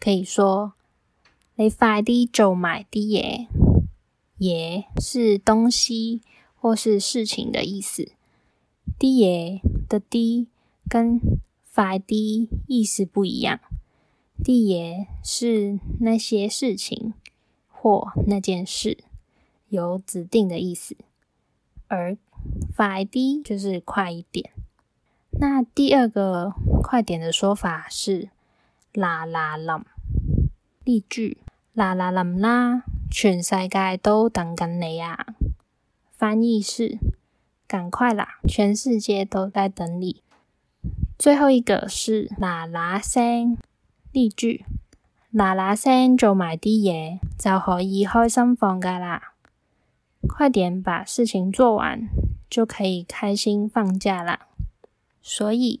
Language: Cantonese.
可以說你快啲做埋啲嘢，嘢是東西或是事情的意思。啲嘢，的啲跟快啲啲意思不一樣。啲嘢是那些事情或那件事有指定的意思，而快啲，啲就是快一點。那第二個快點的說法是。啦啦林，例句：啦啦林啦，全世界都等緊你啊！翻譯是：趕快啦，全世界都在等你。最後一個是啦啦聲，例句：啦啦聲做埋啲嘢就可以開心放假啦。快點把事情做完就可以開心放假啦。所以。